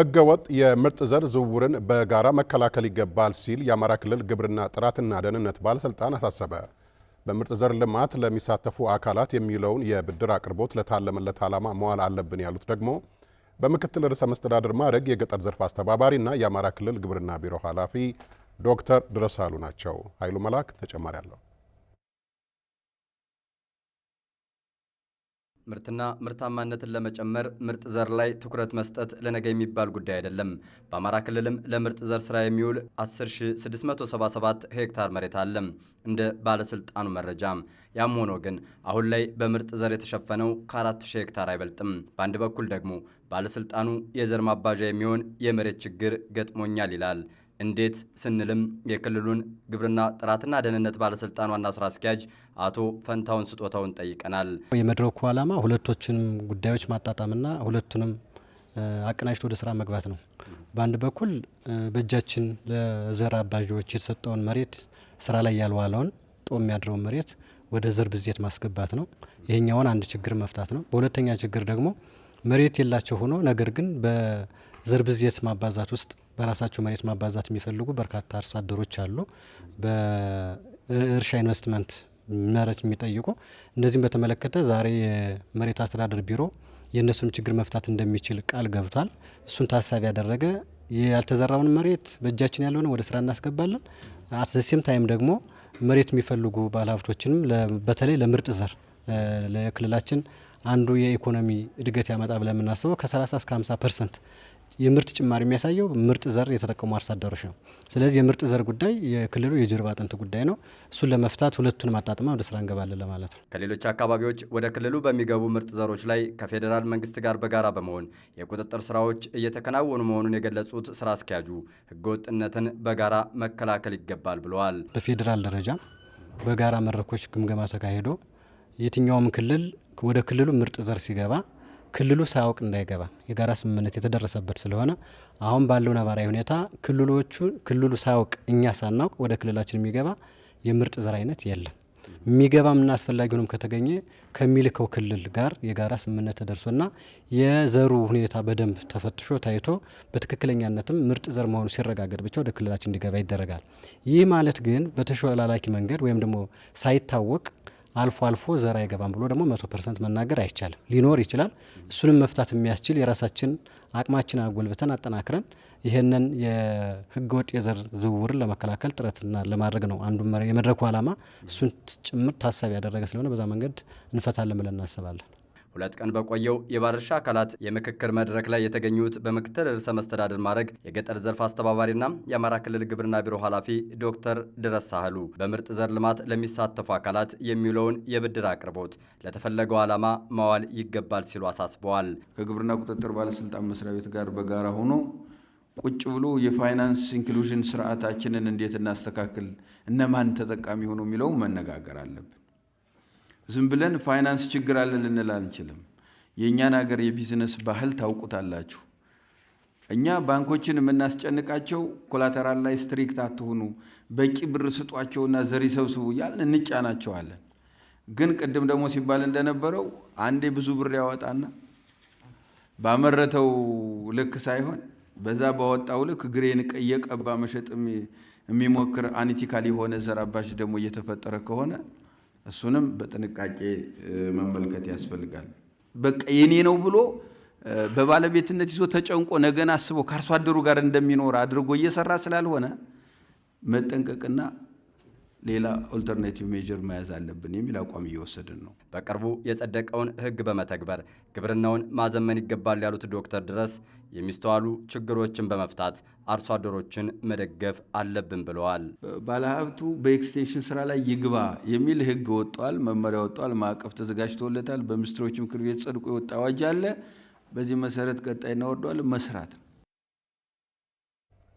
ህገወጥ የምርጥ ዘር ዝውውርን በጋራ መከላከል ይገባል ሲል የአማራ ክልል ግብርና ጥራትና ደህንነት ባለስልጣን አሳሰበ። በምርጥ ዘር ልማት ለሚሳተፉ አካላት የሚለውን የብድር አቅርቦት ለታለመለት ዓላማ መዋል አለብን ያሉት ደግሞ በምክትል ርዕሰ መስተዳድር ማዕረግ የገጠር ዘርፍ አስተባባሪና የአማራ ክልል ግብርና ቢሮ ኃላፊ ዶክተር ድረሳሉ ናቸው። ኃይሉ መላክ ተጨማሪ አለው። ምርትና ምርታማነትን ለመጨመር ምርጥ ዘር ላይ ትኩረት መስጠት ለነገ የሚባል ጉዳይ አይደለም። በአማራ ክልልም ለምርጥ ዘር ስራ የሚውል 10677 ሄክታር መሬት አለ እንደ ባለስልጣኑ መረጃ። ያም ሆኖ ግን አሁን ላይ በምርጥ ዘር የተሸፈነው ከ4000 ሄክታር አይበልጥም። በአንድ በኩል ደግሞ ባለስልጣኑ የዘር ማባዣ የሚሆን የመሬት ችግር ገጥሞኛል ይላል። እንዴት ስንልም የክልሉን ግብርና ጥራትና ደህንነት ባለስልጣን ዋና ስራ አስኪያጅ አቶ ፈንታውን ስጦታውን ጠይቀናል። የመድረኩ ዓላማ ሁለቶችንም ጉዳዮች ማጣጣምና ሁለቱንም አቀናጅቶ ወደ ስራ መግባት ነው። በአንድ በኩል በእጃችን ለዘር አባዦች የተሰጠውን መሬት ስራ ላይ ያልዋለውን ጦም የሚያድረውን መሬት ወደ ዘር ብዜት ማስገባት ነው። ይሄኛውን አንድ ችግር መፍታት ነው። በሁለተኛ ችግር ደግሞ መሬት የላቸው ሆኖ ነገር ግን ዝርብዝየት ማባዛት ውስጥ በራሳቸው መሬት ማባዛት የሚፈልጉ በርካታ አርሶ አደሮች አሉ። በእርሻ ኢንቨስትመንት መረት የሚጠይቁ እነዚህም በተመለከተ ዛሬ የመሬት አስተዳደር ቢሮ የእነሱን ችግር መፍታት እንደሚችል ቃል ገብቷል። እሱን ታሳቢ ያደረገ ያልተዘራውን መሬት በእጃችን ያለውን ወደ ስራ እናስገባለን። አት ታይም ደግሞ መሬት የሚፈልጉ ባለሀብቶችንም በተለይ ለምርጥ ዘር ለክልላችን አንዱ የኢኮኖሚ እድገት ያመጣል ብለን የምናስበው ከ30 እስከ 50 ፐርሰንት የምርት ጭማሪ የሚያሳየው ምርጥ ዘር የተጠቀሙ አርሶ አደሮች ነው። ስለዚህ የምርጥ ዘር ጉዳይ የክልሉ የጀርባ አጥንት ጉዳይ ነው። እሱን ለመፍታት ሁለቱን ማጣጥመን ወደ ስራ እንገባለን ለማለት ነው። ከሌሎች አካባቢዎች ወደ ክልሉ በሚገቡ ምርጥ ዘሮች ላይ ከፌዴራል መንግስት ጋር በጋራ በመሆን የቁጥጥር ስራዎች እየተከናወኑ መሆኑን የገለጹት ስራ አስኪያጁ ህገወጥነትን በጋራ መከላከል ይገባል ብለዋል። በፌዴራል ደረጃ በጋራ መድረኮች ግምገማ ተካሂዶ የትኛውም ክልል ወደ ክልሉ ምርጥ ዘር ሲገባ ክልሉ ሳያውቅ እንዳይገባ የጋራ ስምምነት የተደረሰበት ስለሆነ አሁን ባለው ነባራዊ ሁኔታ ክልሎቹ ክልሉ ሳያውቅ እኛ ሳናውቅ ወደ ክልላችን የሚገባ የምርጥ ዘር አይነት የለም። የሚገባምና አስፈላጊ ሆኖም ከተገኘ ከሚልከው ክልል ጋር የጋራ ስምምነት ተደርሶና የዘሩ ሁኔታ በደንብ ተፈትሾ ታይቶ በትክክለኛነትም ምርጥ ዘር መሆኑ ሲረጋገጥ ብቻ ወደ ክልላችን እንዲገባ ይደረጋል። ይህ ማለት ግን በተሾላላኪ መንገድ ወይም ደግሞ ሳይታወቅ አልፎ አልፎ ዘር አይገባም ብሎ ደግሞ መቶ ፐርሰንት መናገር አይቻልም። ሊኖር ይችላል። እሱንም መፍታት የሚያስችል የራሳችን አቅማችን አጎልብተን አጠናክረን ይህንን የህገወጥ የዘር ዝውውርን ለመከላከል ጥረትና ለማድረግ ነው አንዱ የመድረኩ ዓላማ። እሱን ጭምር ታሳቢ ያደረገ ስለሆነ በዛ መንገድ እንፈታለን ብለን እናስባለን። ሁለት ቀን በቆየው የባለድርሻ አካላት የምክክር መድረክ ላይ የተገኙት በምክትል ርዕሰ መስተዳድር ማዕረግ የገጠር ዘርፍ አስተባባሪና የአማራ ክልል ግብርና ቢሮ ኃላፊ ዶክተር ድረስ ሳህሉ በምርጥ ዘር ልማት ለሚሳተፉ አካላት የሚውለውን የብድር አቅርቦት ለተፈለገው ዓላማ ማዋል ይገባል ሲሉ አሳስበዋል። ከግብርና ቁጥጥር ባለስልጣን መስሪያ ቤት ጋር በጋራ ሆኖ ቁጭ ብሎ የፋይናንስ ኢንክሉዥን ስርዓታችንን እንዴት እናስተካክል፣ እነማን ተጠቃሚ ሆኖ የሚለው መነጋገር አለብን። ዝም ብለን ፋይናንስ ችግር አለ ልንል አንችልም። የእኛን ሀገር የቢዝነስ ባህል ታውቁታላችሁ። እኛ ባንኮችን የምናስጨንቃቸው ኮላተራል ላይ ስትሪክት አትሆኑ፣ በቂ ብር ስጧቸውና ዘር ይሰብስቡ እያልን እንጫናቸዋለን። ግን ቅድም ደግሞ ሲባል እንደነበረው አንዴ ብዙ ብር ያወጣና ባመረተው ልክ ሳይሆን በዛ ባወጣው ልክ ግሬን እየቀባ መሸጥ የሚሞክር አኒቲካል የሆነ ዘር አባሽ ደግሞ እየተፈጠረ ከሆነ እሱንም በጥንቃቄ መመልከት ያስፈልጋል። በቃ የኔ ነው ብሎ በባለቤትነት ይዞ ተጨንቆ ነገን አስቦ ከአርሶ አደሩ ጋር እንደሚኖር አድርጎ እየሰራ ስላልሆነ መጠንቀቅና ሌላ ኦልተርናቲቭ ሜጀር መያዝ አለብን የሚል አቋም እየወሰድን ነው። በቅርቡ የጸደቀውን ህግ በመተግበር ግብርናውን ማዘመን ይገባል ያሉት ዶክተር ድረስ የሚስተዋሉ ችግሮችን በመፍታት አርሶ አደሮችን መደገፍ አለብን ብለዋል። ባለሀብቱ በኤክስቴንሽን ስራ ላይ ይግባ የሚል ህግ ወጥቷል፣ መመሪያ ወጥቷል፣ ማዕቀፍ ተዘጋጅቶለታል። በሚኒስትሮች ምክር ቤት ጸድቆ የወጣ አዋጅ አለ። በዚህ መሰረት ቀጣይ እናወርደዋለን መስራት ነው።